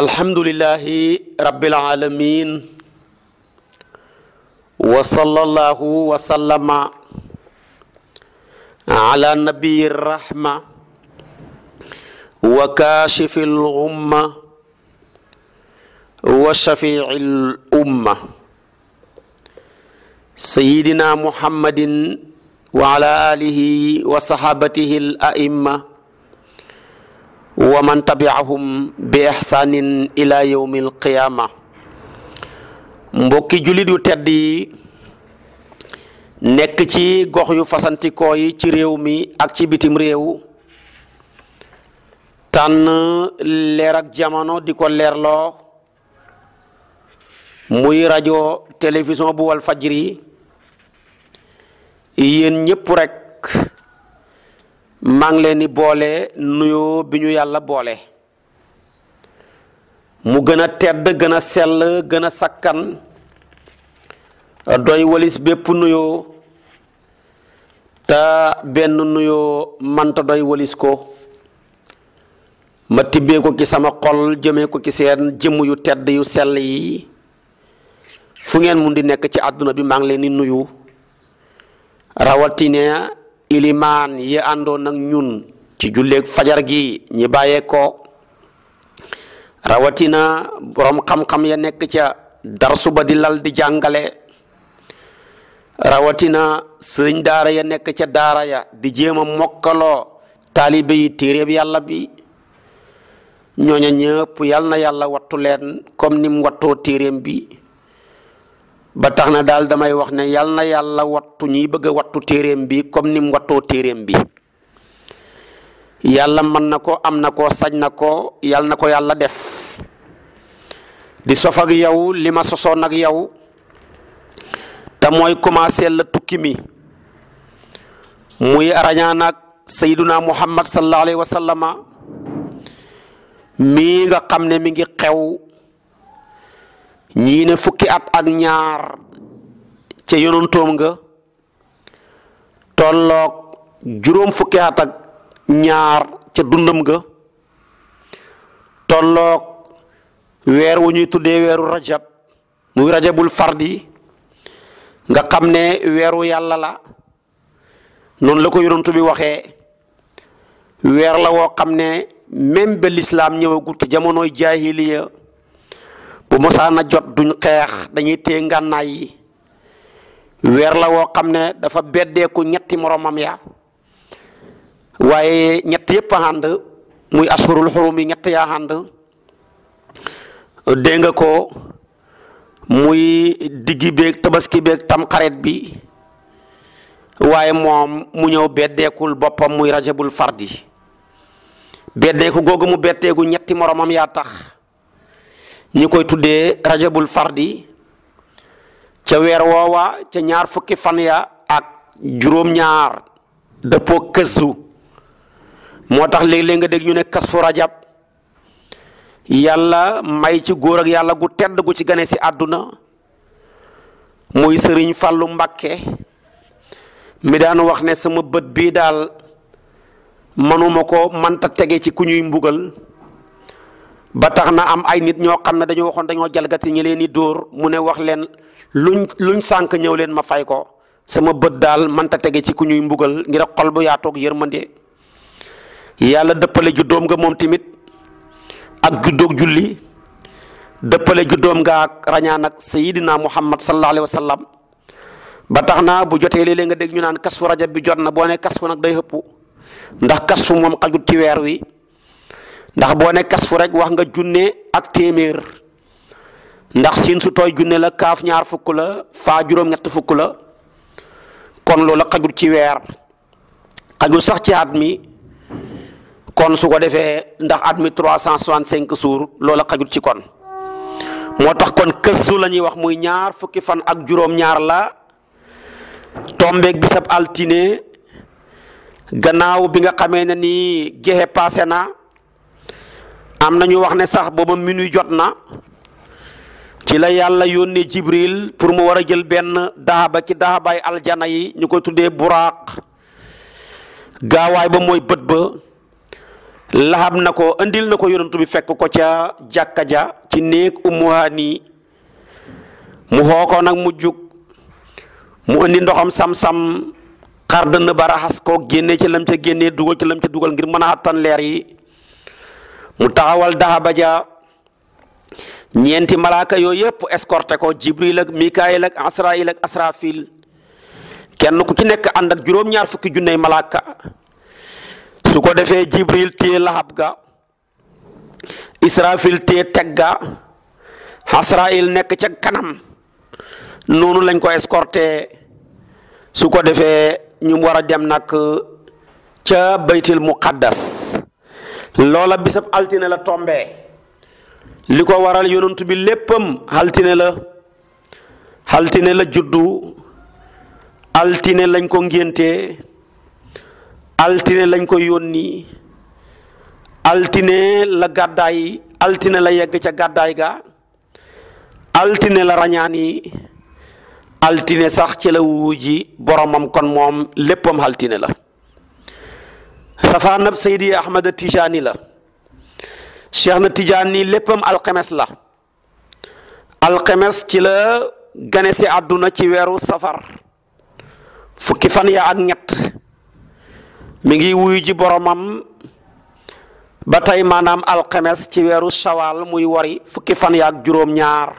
alhamdulilahi rabbil alamin wa sallallahu wa sallama ala nabiyi rahma wa kaashifi l umma wa shafii l umma sayidina muhammadin wa ala alihi wa sahabatihi l aimma wa man tabiahum bi ihsanin ila yawmil qiyaama mbokki jullit yu tedd yi nekk ci gox yu fasantikoo yi ci réew mi ak ci bitim réew tan leer ak jamono di ko leerloo muy rajo télévision bu Walfadjri yéen ñëpp rekk maa ngi leen di boole nuyoo bi ñu yàlla boole mu gën a tedd gën a sell gën a sakkan doy walis bépp nuyoo te benn nuyoo manta doy walis ko ma tibbee ko ci sama xol jëmee ko ki seen jëmm yu tedd yu sell yi fu ngeen mun di nekk ci àdduna bi maa leen di nuyu rawatine ilimaan yi àndoon ak ñun ci julleeg fajar gi ñi bàyyee rawatina borom xam-xam ya nekk ca darsu ba di lal di jàngale rawatina sëñ daara ya nekk ca daara ya di jéem a mokkaloo taalibe yi téeréeb yàlla bi ñooña ñëpp yal na yàlla wattu leen comme ni wattoo téeréem bi ba tax na daal damay wax ne yal na yàlla wattu ñiy bëgg wattu téeréem bi comme ni mu wattoo téeréem bi yàlla mën na ko am na ko sañ na ko yal na ko yàlla def di sofak ak yow li ma sosoon ak yow te mooy commencé la tukki mi muy arañaan ak sayduna muhammad sallallahu alayhi wa sallama mii nga xam ne mi ngi xew ñii fukki at ak ñaar ca yonantoom nga tolloog juróom fukki at ak ñaar ca dundam nga tollook weer wu ñuy tuddee weeru rajab muy rajabul fardi nga xam ne weeru yàlla la noonu la ko yonantu bi waxee weer la woo xam ne même ba lislaam ñëwagut jamonoy jaahiliya mosaan a jot duñ xeex dañuy téye ngànnaay yi weer la woo xam ne dafa beddeeku ñetti moroomam ya waaye ñett yëpp a ànd muy asfurul xurum yi ñett yaa ànd dénga ko muy diggi beeg tabaski beeg tam xarit bi waaye moom mu ñëw beddeekul boppam muy rajabul fardi beddeeku googu mu beddeeku ñetti moromam yaa tax ñu koy tuddee rajabul fardi ca weer woowa ca ñaar fukki fan ya ak juróom-ñaar dëppoo kësu moo tax léeg-léeg nga dégg ñu ne kas fu rajab yàlla may ci góor ak yàlla gu tedd gu ci gane ci àdduna muy sëriñ fàllu mbàkke mi daan wax ne sama bët bii daal manuma ko manta tege ci ku ñuy mbugal ba tax na am ay nit ñoo xam ne dañoo waxoon dañoo jalgati ñi leen di dóor mu ne wax leen luñ luñ sànq ñëw leen ma fay ko sama bët daal mënta tege ci ku ñuy mbugal ngir xol bu yaatoog yërmande yàlla dëppale juddoom nga moom tamit ak juddoog julli dëppale juddoom nga ak rañaan ak sayidina muhammad sallallahu alayhi wa ba tax na bu jotee lee léeg nga dégg ñu naan kasfu rajab bi jot na boo ne kasfu nag day xëpp ndax kasfu moom xajut ci weer wi ndax boo ne kasfu rek wax nga junne ak téeméer ndax siin su tooy junne la kaaf ñaar fukk la faa juróom-ñett fukk la kon loola xajul ci weer xajul sax ci at mi kon su ko defee ndax at mi trois cent soixante-cinq jours loola xajul ci kon moo tax kon këstu la ñuy wax muy ñaar fukki fan ak juróom-ñaar la tombeeg bisab altine gannaaw bi nga xamee na nii gexe passé na am na ñu wax ne sax booba minuit jot na ci la yàlla yónnee jibril pour mu war a jël benn daaba ci daabaay aljana yi ñu ko tuddee buraaq gaawaay ba mooy bët ba lahab na ko indil na ko yonantu bi fekk ko ca jàkka ja ci néeg nii mu xoo ko nag mu jug mu indi ndoxam sam-sam xar dënn ba raxas ko génnee ci lam ca génnee dugal ci lam ca dugal ngir mën a àttan leer yi mu taxawal dahaba ja ñeenti malaaka yooyu yëpp escorté ko jibril ak mikaayil ak asrafil kenn ku ci nekk ànd ak juróom-ñaar fukki junney malaaka su ko defee jibril téye lahab ga israfil téye teg ga asrail nekk ca kanam noonu lañ ko escorté su ko defee ñu war a dem nag ca baytil muqaddas loola bisab altine la tombee li ko waral yonent bi léppam altine la altine la juddu altine lañ ko ngéntee altine lañ ko yónni altine la gàddaay altine la yegg ca gàddaay ga altine la rañaan altine sax ci la wuuji boromam kon moom léppam altine la safaanab Seydi Ahmada Tijaani la Cheikh na Tijaani léppam alxemes la alxemes ci la gane si àdduna ci weeru safar fukki fan ya ak ñett mu ngi wuyu ji boromam ba tey maanaam alxemes ci weeru sawaal muy wari fukki fan ya ak juróom-ñaar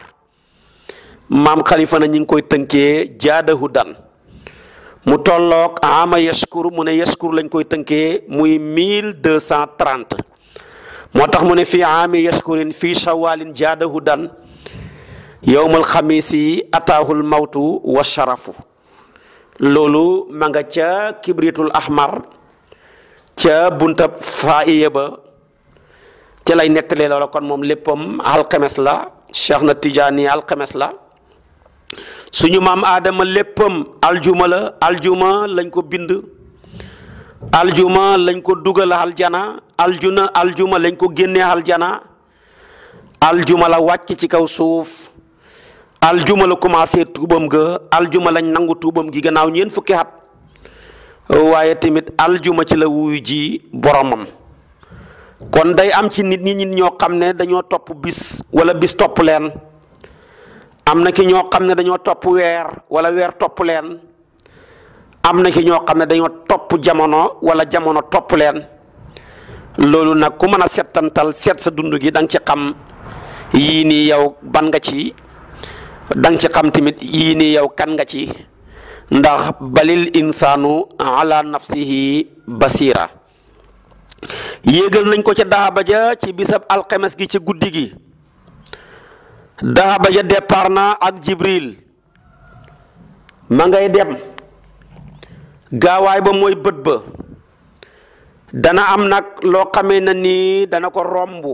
maam xalifa na ñi ngi koy tënkee jaadahu dan mu tolloog ama yashkur mu ne yashkur lañ koy tënkee muy mille deux cent trente moo tax mu ne fii aami yashkurin fii shawalin jaadahu dan yowmal xamiisi ataahul mawtu wa sharafu loolu ma ca kibritul ahmar ca bunta faiye ba ca lay nettalee loola kon moom léppam alxames la cheikh na tijaani alxames la suñu maam aadama léppam aljuma la aljuma lañ ko bind aljuma lañ ko dugal aljana aljuna aljuma lañ ko génnee aljana aljuma la wàcc ci kaw suuf aljuma la commencé tuubam ga aljuma lañ nangu tuubam gi gannaaw ñeent fukki at waaye tamit aljuma ci la wuyu ji boromam kon day am ci nit ñi ñoo xam ne dañoo topp bis wala bis topp leen am na ki ñoo xam ne dañoo topp weer wala weer topp leen am na ki ñoo xam ne dañoo topp jamono wala jamono topp leen loolu nag ku mën a settantal seet sa dund gi da nga ci xam yii nii yow ban nga ci da ci xam tamit yii nii yow kan nga ci ndax balil insaanu ala nafsihi basira yéegal nañ ko ca daabaja ci bisab alxemes gi ci guddi gi dahaba ja départ na ak jibril ma ngay dem gaawaay ba mooy bët ba dana am nag loo xamee na nii dana ko romb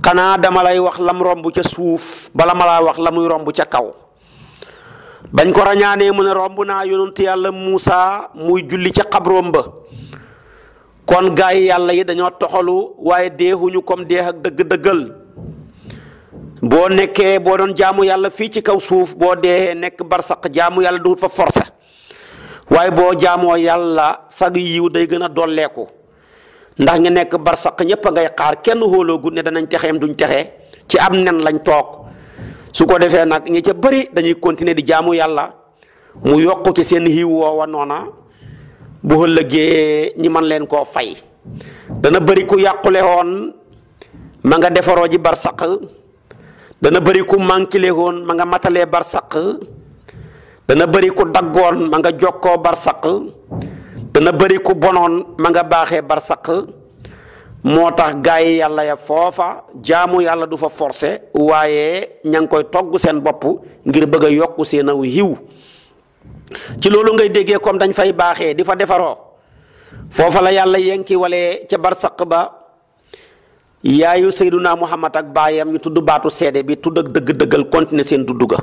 xanaa dama lay wax lam romb ca suuf bala ma laa wax la muy romb ca kaw bañ ko rañaanee mu ne romb naa yonent yàlla Muusa muy julli ca xabroom ba kon gaay yàlla yi dañoo toxalu waaye deexuñu comme deex ak dëgg-dëggal boo nekkee boo doon jaamu yàlla fii ci kaw suuf boo dee nekk barsaq jaamu yàlla du fa forcé waaye boo jaamoo yàlla sag yiw day gën a dolleeku ndax nga nekk barsaq ñëpp ngay xaar kenn xóoloogut ne danañ texeem duñ texee ci am nen lañ toog su ko defee nag ñi ca bëri dañuy continuer di jaamu yàlla mu yokkute seen yiw woowa noona bu ëllëgee ñi man leen koo fay dana bëri ku yàqule woon ma nga defaroo ji barsaq dana bëri ku mànkile woon ma nga matalee barsaq dana bëri ku daggoon ma nga jokkoo barsaq dana bari ku bonoon ma nga baaxee barsaq moo tax gaay yàlla ya foofa jaamu yàlla du fa forcé waaye ña ngi koy togg seen bopp ngir bëgg a yokk seen aw yiw ci loolu ngay déggee comme dañ fay baaxee di fa defaroo foofa la yàlla yenki ca barsaq ba yaayu sayduna muhammad ak baayam ñu tudd baatu seede bi tudd ak dëgg-dëggal continuer seen dudd ga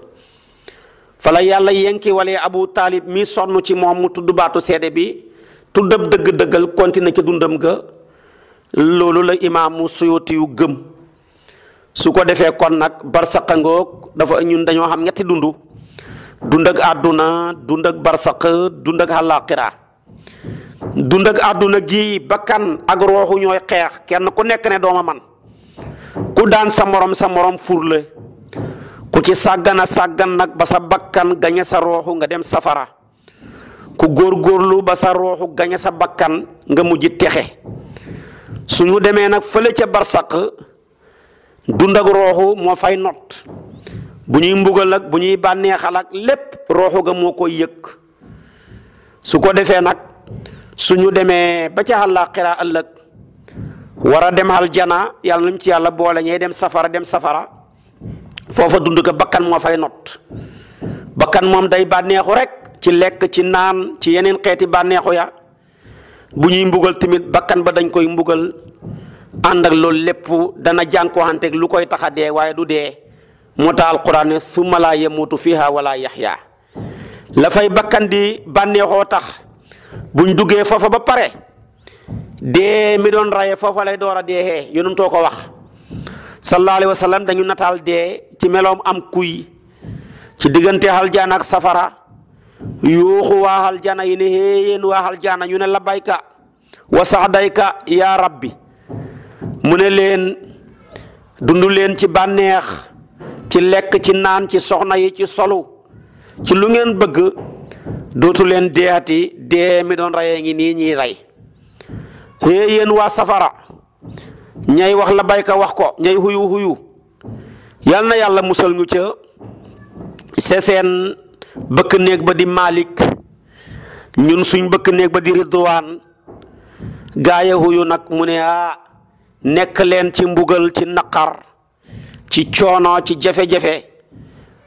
fala yàlla yenki wala abu taalib mi sonn ci moom mu tudd baatu seede bi tudd ab dëgg-dëggal continuer ci dundam ga loolu la imaamu suyuti yu gëm su ko defee kon nag barsaqa ngoog dafa ñun dañoo xam ñetti dund dund ak àdduna dund ak barsaq dund ak àllaaxira dund àdduna gi bakkan ak rooxu ñooy xeex kenn ku nekk ne dooma man ku daan sa morom sa morom furle ku ci sàggana sàggan nag ba sa bakkan gañe sa rooxu nga dem safara ku góorgóorlu ba sa rooxu gañe sa bakkan nga mujj texe suñu demee nag fële ca barsaq dund ak rooxu moo fay not bu ñuy mbugal ak bu ñuy bànneexal ak lépp rooxu ga moo koy yëg su ko defee nag su ñu demee ba ca àllaaxira ëllëg war a dem jana yàlla nañ ci yàlla boole ñey dem safara dem safara foofa dund ko bakkan moo fay not bakkan moom day bànneexu rek ci lekk ci naan ci yeneen xeeti bànneexu ya bu ñuy mbugal tamit bakkan ba dañ koy mbugal ànd ak loolu lépp dana jànkuwanteeg lu koy tax a dee waaye du dee moo tax alquran ne summa laa yamuutu fiha wala yaxya la fay bakkan di bànneexoo tax buñ duggee foofa ba pare dee mi doon raye foofa lay door a deexee yonum too ko wax sallallahu alayhi wa dañu nataal dee ci meloom am kuy ci diggante aljana safara yuuxu waa aljana yi ne yéen waa aljana ñu ne labayka wa saxdayka yaa rabbi mu ne leen dund leen ci bànneex ci lekk ci naan ci soxna yi ci solu ci lu ngeen bëgg dootu leen deeati dee mi doon rayee ngi nii ñuy rey hee yéen waa safara ñay wax la bayka wax ko ñay xuyu xuyu yal na yàlla musal ñu ca seseen bëkk néeg ba di Malik ñun suñ bëkk néeg ba di Ridwaan gaaye xuyu nag mu ne ah nekk leen ci mbugal ci naqar ci coono ci jafe-jafe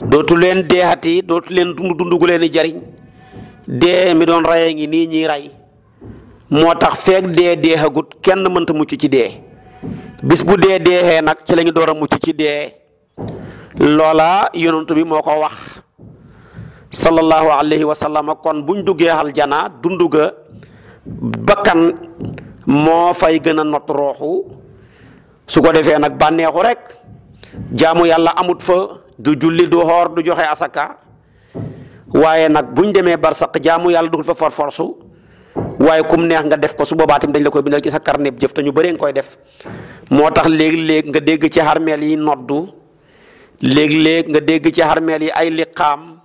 dootu leen deexati dootu leen dund dund gu leen di jariñ dee mi doon rayee ngi nii ñuy rey moo tax feeg dee deexagut kenn mënta mucc ci dee bis bu dee deexee nag ci la ñu door a mucc ci dee loola yonent bi moo ko wax sallallahu alayhi wa sallam kon buñ duggee aljana dunduga bakkan moo fay gëna a rooxu su ko defee nag bànneexu rek jaamu yàlla amut fa du julli du xoor du joxe asaka waaye nag buñ demee barsaq jaamu yàlla dugul fa for waaye kum neex nga def ko su boobaa tamit dañ la koy bindal ci sa carnet jëf te ñu bëree nga koy def moo tax léegi-léeg nga dégg ci xarmeel yi noddu léegi-léeg nga dégg ci xarmeel yi ay liqaam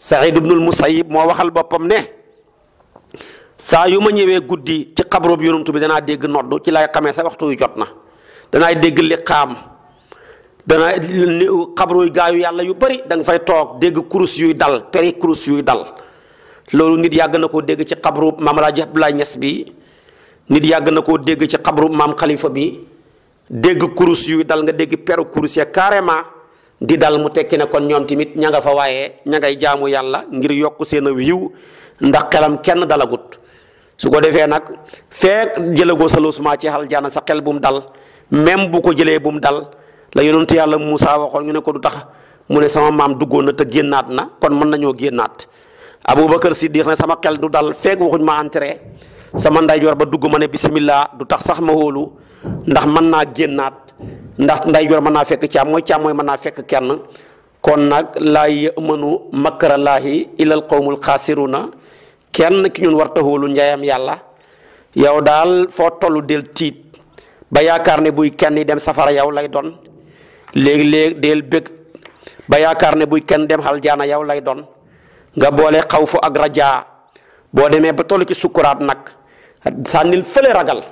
Saïd ibnul Musayyib moo waxal boppam ne saa yu ma ñëwee guddi ci xabroob yonumtu bi danaa dégg noddu ci lay xamee sa waxtu yu jot na danaay dégg liqaam dana xabru gaayu yàlla yu bari da nga fay toog dégg kurus yuy dal peri kurus yuy dal loolu nit yàgg na koo dégg ci xabru maam Alaaji Abdoulaye Niass bi nit yàgg na koo dégg ci xabru maam Khalifa bi dégg kurus yuy dal nga dégg peru kurus ya carrément di dal mu tekki ne kon ñoom tamit ña nga fa waaye ña ngay jaamu yàlla ngir yokk seen a yiw ndax xelam kenn dalagut su ko defee nag feek jëlagoo sa loosuma ci aljana sa xel bu mu dal même bu ko jëlee bu mu dal la yonentu yàlla Moussa waxoon ñu ne ko du tax mu ne sama maam duggoon na te génnaat na kon mën nañoo génnaat Aboubacar Siddiq ne sama xel du dal feeg waxuñ ma entré sama ndeyjoor ba dugg ma ne bisimilah du tax sax ma wóolu ndax mën naa génnaat ndax ndeyjoor mën naa fekk càmmooy càmmooy mën naa fekk kenn kon nag laa yëmanu makarallaahi ilal qawmul xaasiruna kenn ki ñun war ta njaayam yàlla yow daal foo tollu del tiit ba yaakaar ne buy kenn dem safara yow lay doon léegi léeg del bëgg ba yaakaar ne buy kenn dem aljaana yow lay doon nga boole xaw fu ak rajaa boo demee ba toll ci sukkuraat nag sànnil fële ragal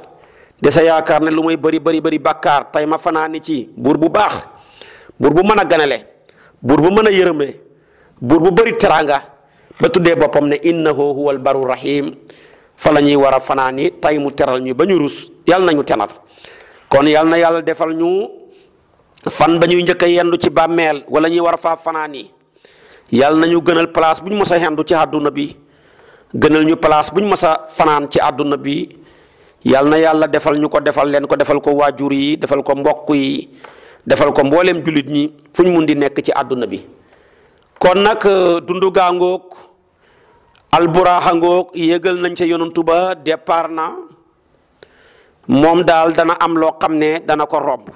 de yaakaar ne lu muy bëri bëri bëri bàkkaar tey ma fanaani ci buur bu baax buur bu mën a ganale buur bu mën a yërëme buur bu bëri teraanga ba tuddee boppam ne innahu huwal baru rahim fa la ñuy war a fanaani tey mu teral ñu ba ñu rus yàlla nañu tenal kon yàlla na yàlla defal ñu. fan ba ñuy njëkk a yendu ci bàmmeel wala ñuy war a faa fanaan yi yàlla nañu gënal place bu ñu mës a yendu ci àdduna bi gënal ñu place bu ñu mës fanaan ci àdduna bi yàlla na yàlla defal ñu ko defal leen ko defal ko waajur yi defal ko mbokk yi defal ko mbooleem jullit ñi fu ñu mun di nekk ci àdduna bi kon nag euh, dundu gaa ngoog alburaaxa ngoog yégal nañ ca yonantu ba départ na moom daal dana am loo xam ne dana ko romb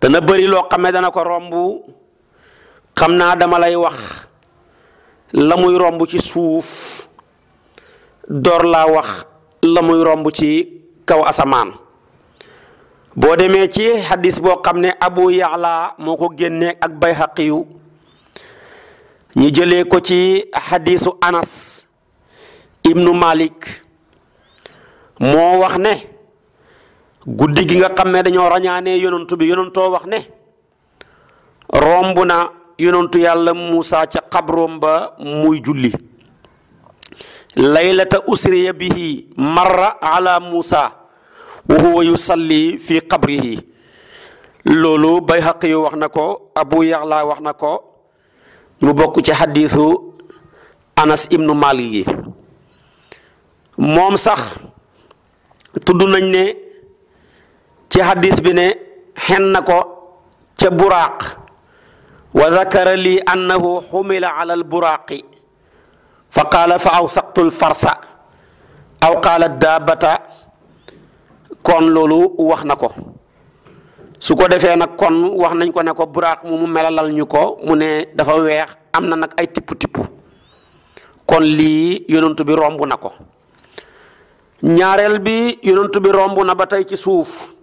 dana bari loo xam ne dana ko romb xam naa dama lay wax la muy romb ci suuf door la wax la muy romb ci kaw asamaan boo demee ci xadis boo xam ne abu yaxla moo ko génne ak bayhaqi yu ñu jëlee ko ci xadisu anas ibnu malik moo wax ne guddi gi nga xam ne dañoo rañaanee yonantu bi yonantoo wax ne romb na yonantu yàlla Muusa ca xabroom muy julli laylata usriya bihi marra ala Muusa wa huwa yusalli fi qabrihi loolu Bayhaqi yu wax na ko Abu Yaxla wax na ko mu bokk ci xadiisu Anas ibnu Maalik yi moom sax tudd nañ ne ci hadis bi ne xen na ko ca buraaq wa zakara lii annahu xumila ala alburaaqi fa qaala fa aw awsaqtu alfarsa aw qaala daabata kon loolu wax na ko su ko defee nag kon wax nañ ko ne ko buraaq mu mu melalal ñu ko mu ne dafa weex am na nag ay tipp-tipp kon lii yonent bi romb na ko ñaareel bi yonent bi romb na ba tey ci suuf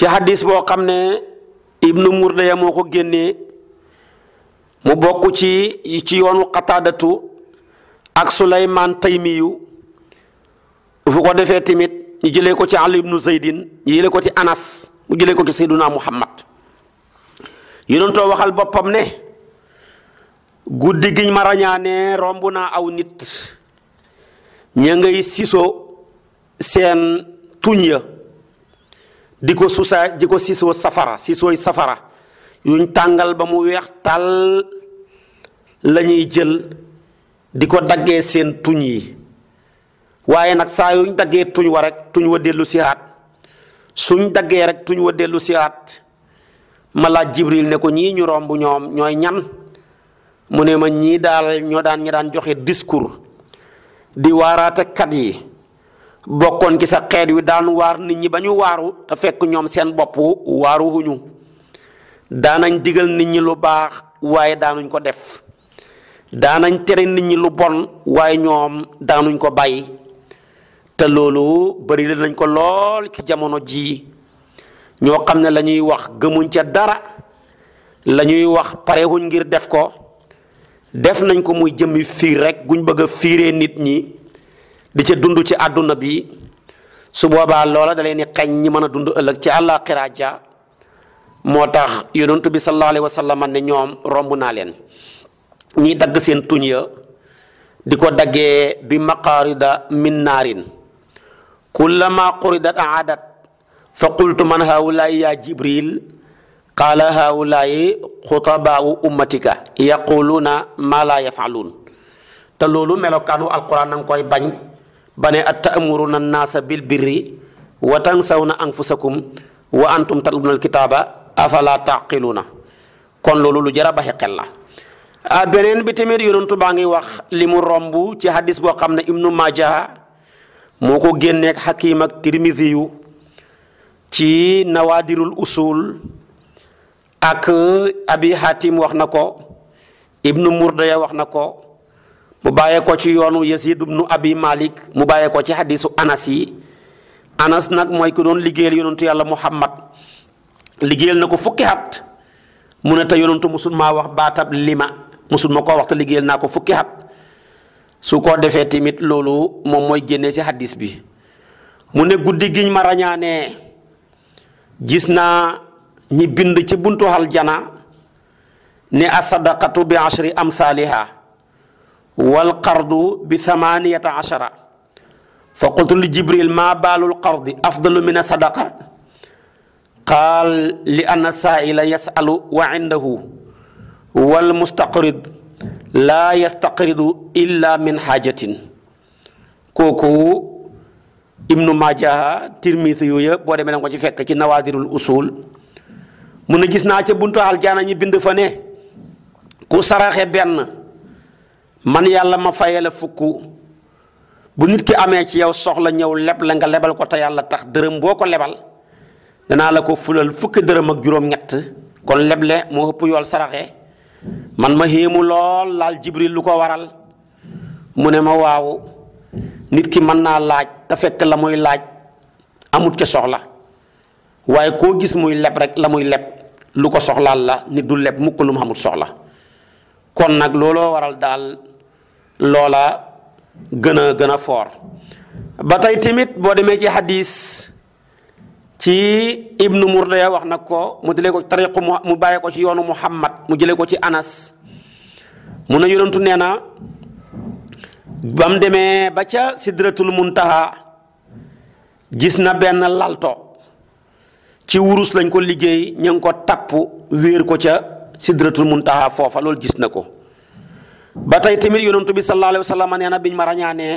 ci hadis boo xam ne ibnu murdaya moo ko génnee mu bokk ci ci yoonu xataadatu ak suleymaan taymiyu fu ko defee tamit ñu jëlee ko ci ali ibnu zeydin ñu jëlee ko ci anas mu jëlee ko ci seyduna muhammad yonentoo waxal boppam ne guddi giñ ma rañaane romb naa aw nit ña ngay siso seen tuñ ya di ko susaa di ko siisoo safara siisooy safara yuñ tàngal ba mu weex tàll la ñuy jël di ko daggee seen tuñ yi waaye nag saa yuñ daggee tuñ wa rek tuñ wa dellu siyaat suñ daggee rek tuñ wa dellu siyaat ma laaj jibril ne ko ñii ñu romb ñoom ñooy ñan mu ne ma ñii daal ñoo daan ñi daan joxe discours di waaraate kat yi bokkoon ci sa xeet wi daan waar nit ñi ba ñu waaru te fekk ñoom seen bopp waaru huñu daanañ digal nit ñi lu baax waaye daanuñ ko def daanañ tere nit ñi lu bon waaye ñoom daanuñ ko bàyyi te loolu bari la nañ ko lool ci jamono ji ñoo xam ne lañuy wax gëmuñ ca dara lañuy ñuy wax parewuñ ngir def ko def nañ ko muy jëmmi fiir rekk guñ bëgg a fiire nit ñi di ca dund ci àdduna bi su boobaa loola da leen ni xeñ ñi mën a dund ëllëg ci àllaaxira ja moo tax yonent bi sallallahu alayhi wa sallam ne ñoom romb naa leen ñiy dagg seen tuñ di ko daggee bi maqaarida min naarin kullama quridat aadat fa qultu man haulaai ya jibril ummatika yaquluuna ma la yafaluun te loolu melokaanu alquran na nga koy bañ ba ne at ta'muruna an-naasa bil birri wa tansawna anfusakum wa antum tatlubuna al-kitaaba afala taqiluna kon loolu lu jar a baxi la ah beneen bi tamit baa ngi wax li romb ci hadis boo xam ne ibnu Maaja moo ko génneeg Hakim ak ci nawaadirul usul ak Abi Hatim wax na ko ibnu Murdaya wax na ko mu bàyyee ko ci yoonu Yasid ibnu Abi Malik mu bàyyee ko ci xadiisu Anas yi Anas nag mooy ku doon liggéeyal yonentu yàlla Muhammad liggéeyal na ko fukki at mu ne te yonentu musul wax baatab lima musul ma koo wax te liggéeyal naa ko fukki at su ko defee tamit loolu moom mooy génnee ci xadiis bi mu ne guddi giñ ma rañaanee gis naa ñi bind ci buntu aljana ne a asadaqatu bi ashri amthaliha wal qardu bi thamaniyata ashara fa qultu li jibril ma baalul qardi afdalu min sadaqa qaal li anna saaila yasalu wa indahu wal mustaqrid laa yastaqridu illa min xaajatin kooku ibnu maaja tirmisi yooya boo demee na ko ci fekk ci nawaadirul usul mun na gis naa ca buntu aljaana ñi bind fa ne ku saraxe benn man yàlla ma fayee la fukk bu nit ki amee ci yow soxla ñëw leb la nga lebal ko te yàlla tax dërëm boo ko lebal danaa la ko fulal fukki dërëm ak juróom-ñett kon leble moo ëpp yool saraxe man ma héemu lool laal jibril lu ko waral mu ne ma waaw nit ki mën naa laaj te fekk la muy laaj amut ci soxla waaye koo gis muy leb rek la muy leb lu ko soxlaal la nit du leb mukk lu mu amut soxla kon nag looloo waral daal loola gën a gën a foor ba tey tamit boo demee ci hadis ci ibnu Murdaya wax nag ko mu jëlee ko tariqu mu bàyyee ko ci yoonu Muhammad mu jëlee ko ci Anas mu ne yonentu nee na ba demee ba ca sidratul muntaha gis na benn lalto ci wurus lañ ko liggéey ña ko tapp wéer ko ca sidratul muntaha foofa loolu gis na ko ba tey tamit yonantu bi sallallahu alayhi wa nee na biñ ma rañaanee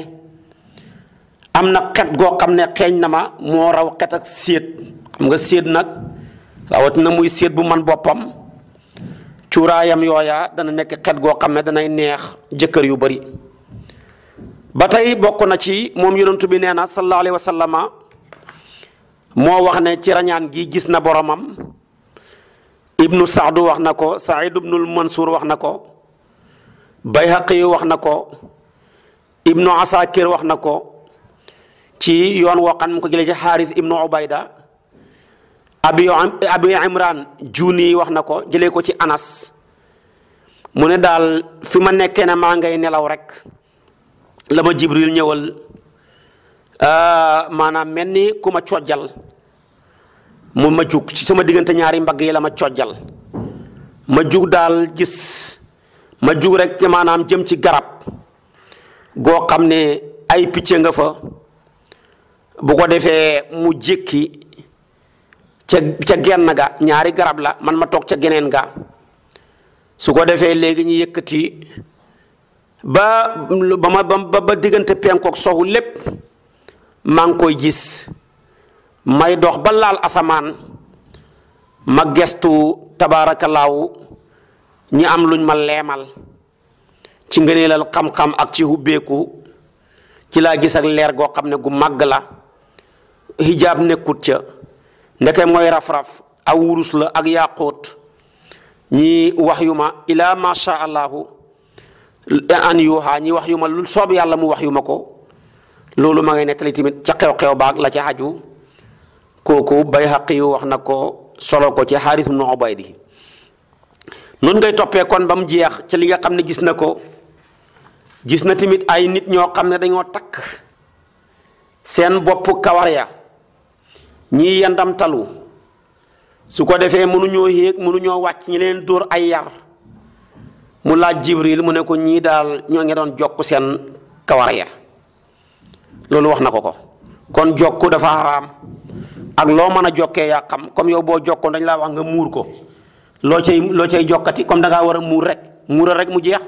am na xet goo xam ne xeeñ na ma moo raw xet ak séet xam nga séet nag rawatina muy séet bu man boppam cuuraayam yooya dana nekk xet goo xam ne danay neex jëkkër yu bari ba tey bokk na ci moom yonantu bi nee na sallallahu alayhi moo wax ne ci rañaan gi gis na boromam ibnu saadu wax na ko saïd ibnul mansour wax na ko Bayhaqi yu wax na ko ibnu Asakir wax na ko ci yoon woo xam mu ko jëlee ci xaaris ibnu Ubayda abi abi Imran Juni wax na ko jëlee ko ci Anas mu ne daal fi ma nekkee ne maa ngay nelaw rek la ma Jibril ñëwal ah, maanaam mel ni ku ma cojjal mu ma jug ci sama diggante ñaari mbagg yi la ma cojjal ma jug daal gis ma jug rek ci jëm ci garab goo xam ne ay picc a nga fa bu ko defee mu jékki ca ca genn ga ñaari garab la man ma toog ca geneen ga su ko defee léegi ñu yëkkati ba ba ma ba diggante penkook soxu lépp maa ngi koy gis may dox ba laal asamaan ma gestu tabaarakallaahu ñi am luñ ma leemal ci ngëneelal xam-xam ak ci hubbeeku ci laa gis ak leer goo xam ne gu màgg la hijaab nekkut ca ndeke mooy raf-raf aw wurus la ak yàqóot ñi wax yu ma ilaa macha allahu an yuuxaa ñi wax yu ma lu soob yàlla mu wax yu ma ko loolu ma ngay nettali tamit ca xew-xew baag la ca xaju kooku Bayhaqi yu wax na ko solo ko ci Haaris ibnu Ubaydi noonu ngay toppee kon ba mu jeex ci li nga xam ne gis na ko gis na tamit ay nit ñoo xam ne dañoo takk seen bopp kawar ya ñii yandam talu su ko defee mënuñoo yéeg mënuñoo wàcc ñi leen dóor ay yar mu laaj jibril mu ne ko ñii daal ñoo ngi doon jokk seen kawar ya loolu wax na ko ko kon jokk dafa xaraam ak loo mën a jokkee yaa xam comme yow boo jokkoon dañ laa wax nga muur ko loo cay loo cay jokkati comme da war a rek muura rek mu jeex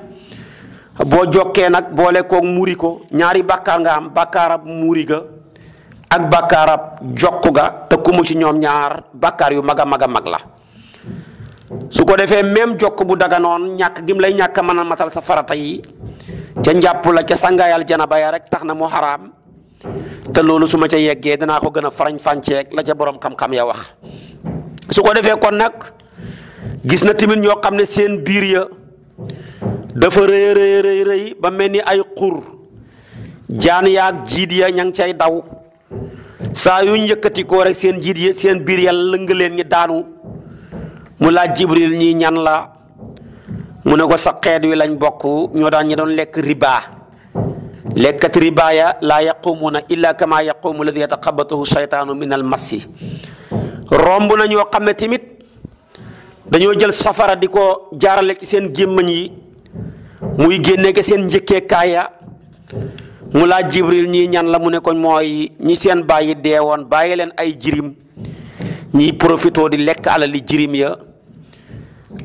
boo jokkee nag boole koog muuri ko ñaari bàkkaar bàkkaarab muuri ak bàkkaarab jokk te ku mu ci ñoom ñaar bàkkaar yu mag a mag a mag la su ko defee même jokk bu daganoon ñàkk gim lay ñàkk mën a matal sa farata yi ca njàpp ca sangaayal janaba ya rek tax na mu xaraam te loolu su ma ca yeggee danaa ko gën a farañ fànceeg la ca boroom xam-xam ya wax su ko defee kon nag gis na tamit ñoo xam ne seen biir ya dafa rëy rëy rëy ba mel ni ay xur jaan yaag jiit ya ña ngi cay daw saa yu ñu yëkkati ko seen jiit ya seen biir ya lëng leen ñi daanu mu laa jibril ñi ñan la mu ne ko sa xeet wi lañ bokk ñoo daan ñi doon lekk riba lekkat riba ya laa yaqumuuna illa kama yaqumu alladi yataxabatahu shaytaanu min al massi romb na ñoo xam ne tamit dañoo jël safara di ko jaarale ki seen gémmañ yi muy génne ke seen njëkkee kaaya mu laaj jibril ñii ñan la mu ne ko mooy ñi seen bàyyi deewoon bàyyi leen ay jirim ñiy profité di lekk alali jirim ya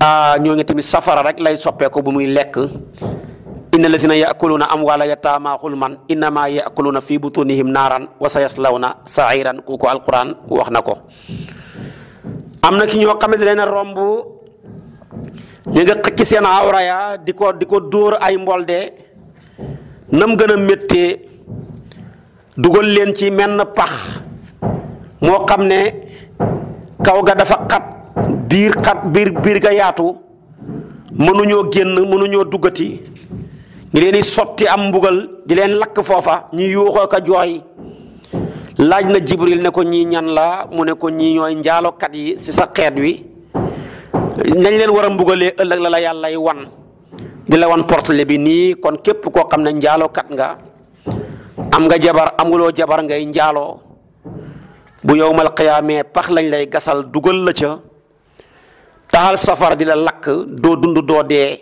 a ah, ñoo ngi tamit safara rek lay soppeeku bu muy lekk inna lazina yaakuluuna amwaala yataama xulman innama yaakuluuna fi butunihim naaran wa sayaslawna sairan kooku alquran wax na ko am na ki ñoo xam ne da leen a romb ñu ngi xëcc seen awra ya di ko di ko dóor ay mbolde nam gën a méttee dugal leen ci menn pax moo xam ne kaw ga dafa xat biir xat biir biir ga yaatu mënuñoo génn mënuñoo duggati ñu leen di sotti am mbugal di leen lakk foofa ñuy yuuxoo ko jooy laaj na jibril ne ko ñii ñan la mu ne ko ñii ñooy njaalokat yi ci sa xeet wi nañ leen war a mbugalee ëllëg la la yàllay wan di la wan portele bi nii kon képp koo xam ne kat nga am nga jabar amuloo jabar ngay njaaloo bu yow yowmal qiyaamee pax lañ lay gasal dugal la ca taxal safara di la lakk doo dund doo dee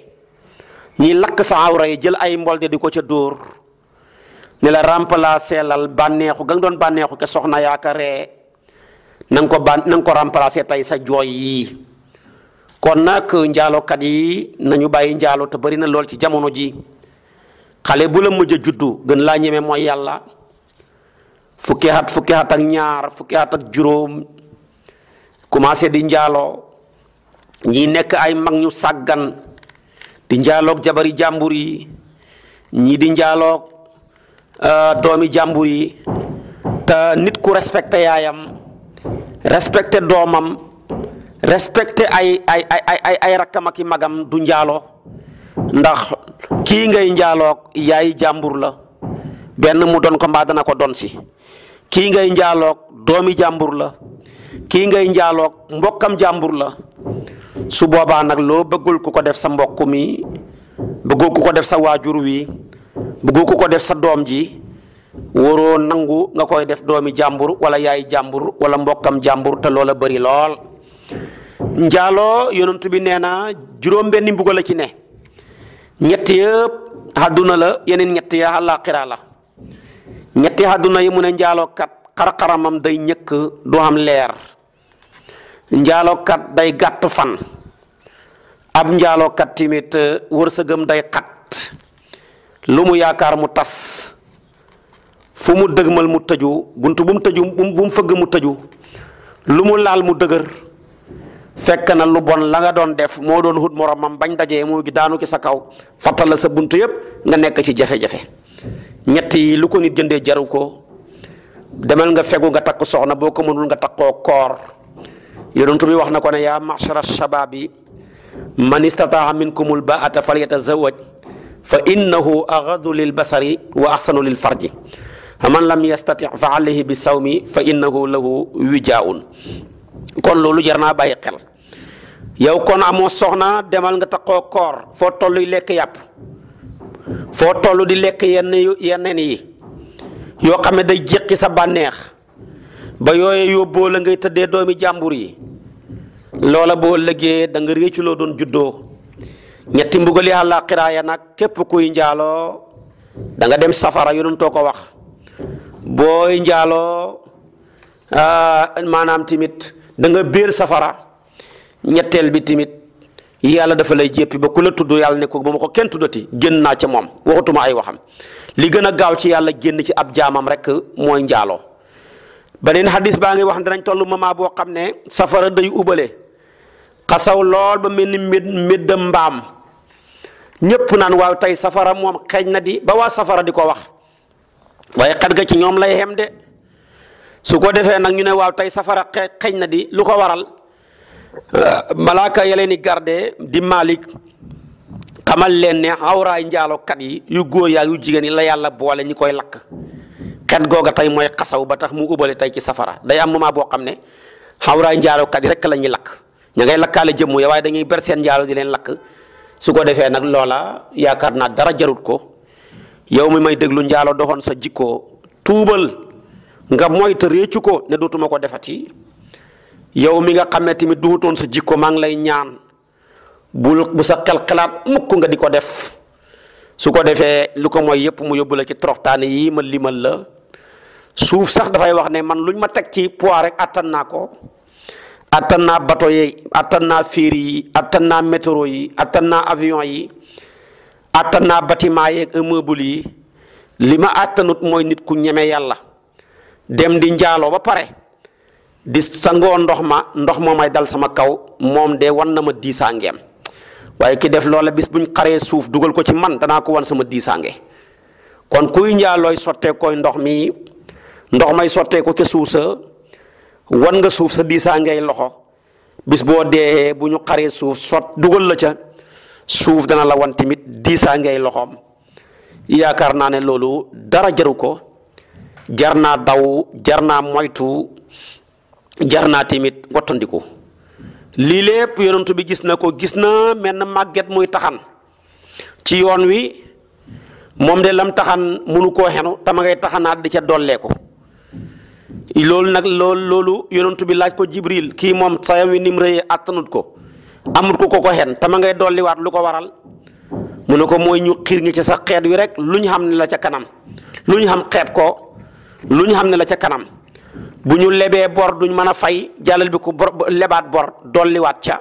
ñi lakk sa awra yi jël ay mbol de di ko ca dóor ne la remplacer lal bànneexu ga doon bànneexu ke soxna yaakaaree na ko ban na ko remplacer tey sa jooy yii kon nag njaalokat yi nañu bàyyi njaaloo te bari na lool ci jamono ji xale bu la mujj a juddu gën laa ñeme mooy yàlla fukki at fukki at ak ñaar fukki at ak juróom commencé di njaaloo ñi nekk ay mag ñu sàggan di njaaloog jabari jàmbur yi ñii di njaaloog Euh, doomi jàmbur yi te nit ku respecté yaayam respecté doomam respecté ay ay ay rakkam ak i magam du njaalo ndax kii ngay njaaloog yaay jàmbur la benn mu doon ko mbaa dana ko doon si kii ngay njaalook doomi jàmbur la kii ngay njaalook mbokkam jàmbur la su boobaa nag loo bëggul ku ko def sa mbokk mi bëggul ku ko def sa waajur wi bëggu ko def sa doom ji waroo nangu nga koy def doomi jàmbur wala yaay jàmbur wala mbokkam jàmbur te loola bëri lool njaaloo yonent bi nee na juróom-benni mbugal la ci ne ñett yëpp àdduna la yeneen ñett ya àllaaxira la ñetti àdduna yi mu ne njaalookat xar-xaramam day ñëkk du am leer njaalookat day gàtt fan ab njaalookat timit wërsëgam day xat lu mu yaakaar mu tas fu mu dëgmal mu tëju bunt bu mu tëju fëgg mu tëju lu mu laal mu dëgër fekk na lu bon la nga doon def moo doon xut moromam bañ dajee mu daanu ci sa kaw fàttal la sa bunt yëpp nga nekk ci jafe-jafe ñett lu ko nit jëndee jaru ko demal nga fegu nga takk soxna boo ko mënul nga takkoo koor yonent bi wax na ko ne yaa machara shabaab yi man istataa minkumul baata falyatazawaj fa innahu axadu lil basari wa axsanu lil farji man lam yastati fa alayhi bi sawmi fa innahu lahu wijaaun kon loolu jar naa bàyyi xel yow kon amoo soxna demal nga taxoo koor foo tolluy lekk yàpp foo toll di lekk yenn yeneen yi yoo xam ne day jéqi sa bànneex ba yooye yóbboo la ngay tëddee doomi jàmbur yi loola boo lëggee danga nga loo doon juddoo ñetti mbugali àllaaxira ya nag képp kuy njaaloo danga dem safara yu too ko wax booy njaaloo ah, maanaam timit danga nga safara ñetteel bi timit yàlla dafa lay jéppi ba ku tudd yàlla ne ko ba ma ko kenn tuddati génn naa ci moom waxatuma ay waxam li gën a gaaw ci yàlla génn ci ab jaamam rek mooy njaaloo beneen xadis baa ngi wax danañ toll mama boo xam ne safara day ubale xasaw lool ba mel ni mbéd mbéddam mbaam ñëpp naan waaw tey safara moom xeeñ na di ba waa safara di ko wax waaye xet ga ci ñoom lay xem de su ko defee nag ñu ne waaw tey safara xeeñ na di lu ko waral euh, malaaka ya di garde di Malik xamal leen ne xawraay njaalokat yi yu góor yaa yu jigéen yi la yàlla boole ñi koy lakk xet googa tey mooy xasaw ba tax mu ubale tey ci safara day am moment boo xam ne xawraay njaalokat yi rek la ñuy lakk ña ngay lakkaale jëmm ya waaye dañuy ber seen njaalo di leen lakk su ko defee nag loola yaakaar naa dara jarut ko yow mi may déglu njaalo doxoon sa jikko tuubal nga mooy te réccu ko ne dootuma ko defati yow mi nga xam ne tamit duutoon sa jikko maa ngi lay ñaan bul bu sa xel xalaat mukk nga di ko def su ko defee lu ko mooy yëpp mu yóbbu la ci toroxtaane yii ma limal la suuf sax dafay wax ne man luñ ma teg ci poids rek attan naa ko. attan naa bato yi attan naa ferry yi attan naa métro yi attan naa avion yi attan naa bâtiment yeeg immeuble yi li ma attanut mooy nit ku ñeme yàlla dem di njaaloo ba pare di sangoo ndox ma ndox moo may dal sama kaw moom de wan na ma diisaangeem waaye ki def loola bis buñ xaree suuf dugal ko ci man danaa ko wan sama diisaange kon kuy njaalooy sottee ndox mi ndox may sottee suusa wan nga suuf sa diisaa ngay loxo bis boo dee bu ñu xaree suuf sot dugal la ca suuf dana la wan tamit diisaa ngay loxoom yaakaar naa ne loolu dara jaru ko jar naa daw jar naa moytu jar naa tamit wattandiku lii lépp yonentu bi gis na ko gis na menn màgget muy taxan ci yoon wi moom de lam taxan munu koo xenu tama ngay taxanaat di ca dollee ko loolu nag loolu loolu yonent bi laaj ko jibril kii moom sayam wi ni mu rëyee attanut ko amut ko ko ko xen te ma ngay dolliwaat lu ko waral mu ne ko mooy ñu xiir ngi ca sax xeet wi rek lu ñu xam ne la ca kanam lu ñu xam xeeb ko lu ñu xam ne la ca kanam bu ñu lebee bor duñ mën a fay jàllal bi ko bor lebaat bor dolliwaat ca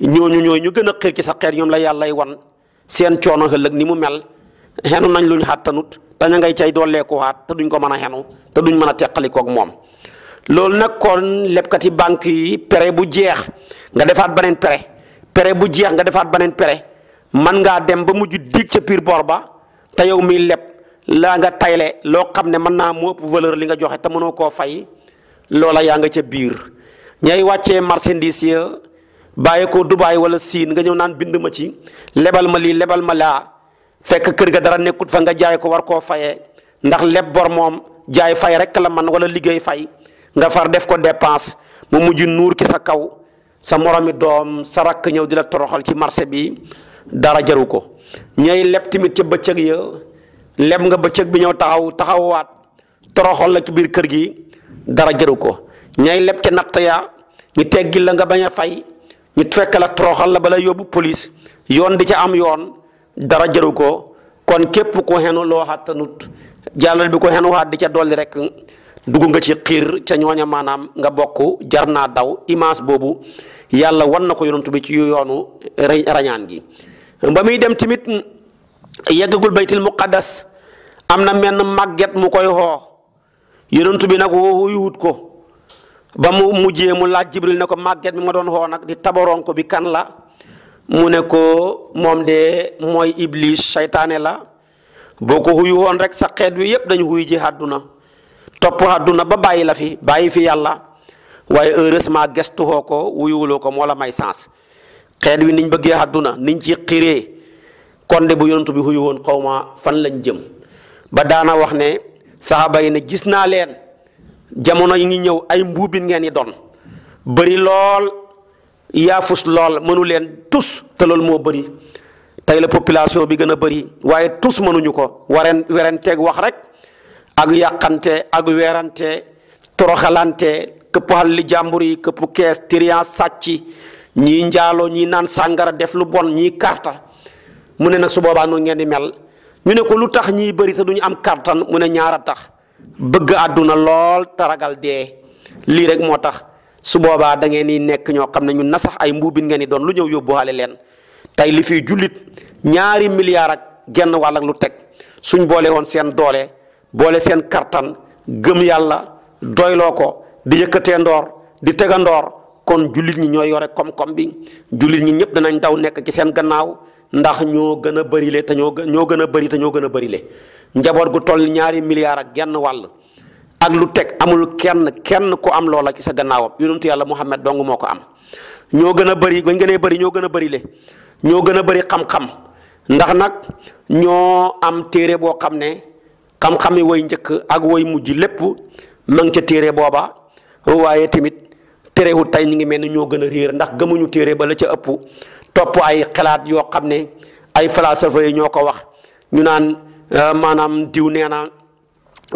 ñooñu ñooy ñu gën a xiir ci sax xeet yoom la yàllay won seen coono ëllëg ni mu mel xenu nañ luñ xàttanut te ña ngay cay dooleeku waat te duñ ko mën a xenu te duñ mën a teqalikoog moom loolu nag kon lebkati banque yi pere bu jeex nga defaat beneen pere prêt bu jeex nga defaat beneen prêt man ngaa dem ba mujj dig ca piir bor ba te yow mii leb laa nga tayle loo xam ne mën naa mu ëpp valeur li nga joxe te mënoo koo fay loola yaa nga ca biir ñay wàccee marchandise ya bàyyi ko Dubaay wala Siin nga ñëw naan bind ma ci lebal ma lii lebal ma laa fekk kër ga dara nekkut fa nga jaay ko war koo fayee ndax leb bor moom jaay fay rek la man wala liggéey fay nga far def ko dépense mu mujj nuur ki sa kaw sa moromi doom sa rakk ñëw di la toroxal ci marché bi dara jaru ko ñay leb tamit ca bëccëg ya leb nga bëccëg bi ñëw taxaw taxawaat toroxal la biir kër gi dara jaru ko ñay leb ca natt ya ñu teggil la nga bañ a fay ñu fekk la toroxal la bala yóbbu police yoon di ca am yoon. dara jëru ko kon képp ku xenu loo xattanut jàllal bi ko xenu xaat di ca dolli rek dugg nga ci xiir ca ñooña maanaam nga bokk jar naa daw image boobu yàlla wan na ko yonantu bi ci yoonu rañaan gi ba muy dem tamit yeggagul baytil muqaddas am na menn màgget mu koy xoo yonantu bi nag woo wuyuwut ko ba mu mujjee mu laaj jibril na ko màgget mi ma doon xoo nag di tabaron ko bi kan la mu ne ko moom de mooy iblis saytaane la boo ko xuyu woon rek sax xeet wi yépp dañu xuy ji àdduna topp àdduna ba bàyyi la fi bàyyi fi yàlla waaye heureusement gestuwoo ko wuyuwuloo ko moo la may sens xeet wi niñ bëggee àdduna niñ ci xiree kon de bu yonent bi xuyu woon xawma fan lañ jëm ba daana wax ne saxaaba yi ne gis naa leen jamono yi ngi ñëw ay mbuubin ngeen yi doon bëri lool yaafus lool mënu leen tus te moo bëri tey la population bi gën a bari waaye tus mënuñu ko wareen werenteeg wax rek ak yàqante ak weerante toroxalante këpp xal li jàmbur yi këpp kees trian sàcc ñii njaaloo ñii naan sàngara def lu bon ñii karta mu ne nag su boobaa noonu ngeen di mel ñu ne ko lu tax ñii bari te duñu am kartan mu ne ñaar a tax bëgg àdduna lool taragal dee lii rek moo tax su boobaa da ngeen di nekk ñoo xam ne ñu nasax ay mbuubin ngeen di doon lu ñëw yóbbuwaale leen tey li fiy jullit ñaari milliar ak genn wàll lu teg suñ boole woon seen doole boole seen kartan gëm yàlla doyloo ko di yëkkatee ndoor di tegandoor kon jullit ñi ñooy yore koom-koom bi jullit ñi ñëpp danañ daw nekk ci seen gannaaw ndax ñoo gën a bërile te ñoo ñoo gën a bëri te ñoo gën a bërile njaboot gu toll ñaari milliar ak genn wàll. ak lu teg amul kenn kenn ku am loola ci sa gannaawam yonentu yàlla Muhammad dong moo ko am ñoo gën a bëri bañ gënee bëri ñoo gën a bëri ñoo gën a bëri xam-xam ndax nag ñoo am téere boo xam ne xam-xami woy njëkk ak woy mujj lépp ma ca téere booba waaye tamit téerewut tey ñu ngi mel ni ñoo gën a réer ndax gëmuñu téere ba la ca ëpp topp ay xalaat yoo xam ne ay falaasafa yi ñoo ko wax ñu naan euh, maanaam diw nee na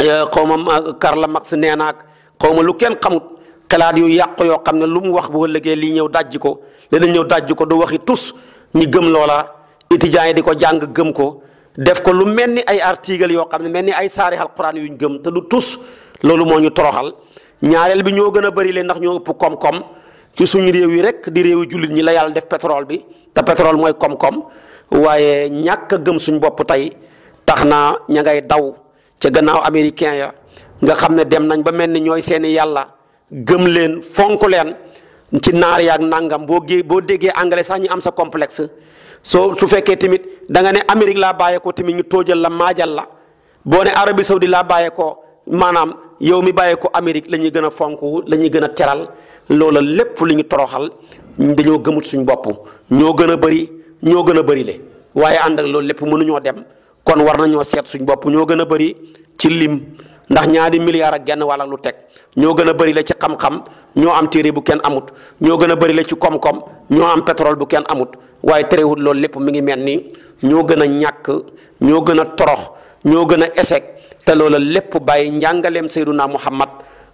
Euh, xaw ma la Marx nee naag xaw ma lu kenn xamut xalaat yu yàq yoo xam ne lu mu wax bu ëllëgee li ñëw daj ko leneen ñëw dajji ko du waxi tus ñu gëm loola étudiants yi di ko jàng gëm ko def ko lu mel ni ay article yoo xam ne mel ni ay saari alquran yuñ gëm te du tus loolu moo ñu toroxal ñaareel bi ñoo gën a bari leen ndax ñoo ëpp koom-koom ci suñu réew yi rek di réewi jullit ñi la yàlla def pétrole bi te pétrole mooy koom-koom waaye ñàkk gëm suñ bopp tey tax na ña ngay daw. ca gannaaw américain ya nga xam ne dem nañ ba mel ni ñooy seeni yàlla gëm leen fonk leen ci naar yaak nangam boo gé boo déggee anglais sax ñu am sa complexe soo su fekkee tamit da nga ne Amérique laa bàyyeekoo tamit ñu toojal la maajal la boo ne Arabie Saoudi laa bàyyeekoo maanaam yow mi bàyyeekoo Amérique la ñuy gën a fonk la ñuy gën a teral loola lépp li ñu toroxal dañoo gëmut suñ bopp ñoo gën a bëri ñoo gën a bëri le waaye ànd ak loolu lépp mënuñoo dem kon war nañoo seet suñ bopp ñoo gën a bari ci lim ndax ñaari milliards ak genn wàll lu teg ñoo gën a bëri la ci xam-xam ñoo am téere bu kenn amut ñoo gën a bëri la ci koom-koom ñoo am pétrole bu kenn amut waaye terewul loolu lépp mu ngi mel ni ñoo gën a ñàkk ñoo gën a torox ñoo gën a échec te loola lépp bàyyi njàngaleem Seydunaa Muhammad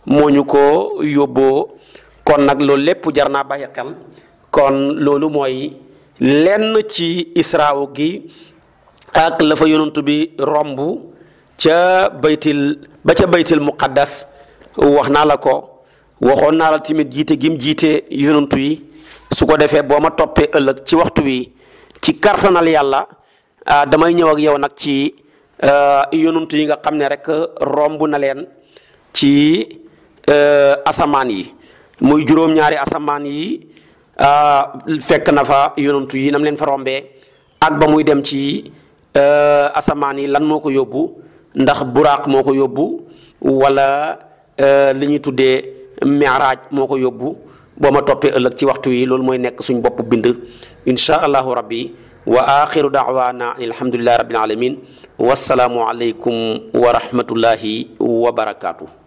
moo ñu ko yóbboo kon nag loolu lépp jar naa bàyyi xel kon loolu mooy lenn ci israaw gi ak lafa fa yonantu bi romb ca baytil ba ca baytil muqaddas wax naa la ko waxoon naa la tamit jiite gim jiite yonantu yi su ko defee boo ma toppee ëllëg ci waxtu wi ci kartanal yàlla ah, damay ñëw ak yow nag ci ah, yonantu yi nga xam ne rek romb na leen ci eh, asamaan yi muy juróom-ñaari asamaan yi ah, fekk na fa yonantu yi nam leen fa rombee ak ba muy dem ci Euh, asamaan yi lan moo ko yóbbu ndax buraaq moo ko yóbbu walla euh, li ñuy tuddee miraaj moo ko yóbbu boo ma toppee ëllëg ci waxtu yi loolu mooy nekk suñ bopp bind inchaa allahu rabbi wa axiru daawaana alhamdulillahi rabbil alamin wassalaamu aleykum wa rahmatullahi wa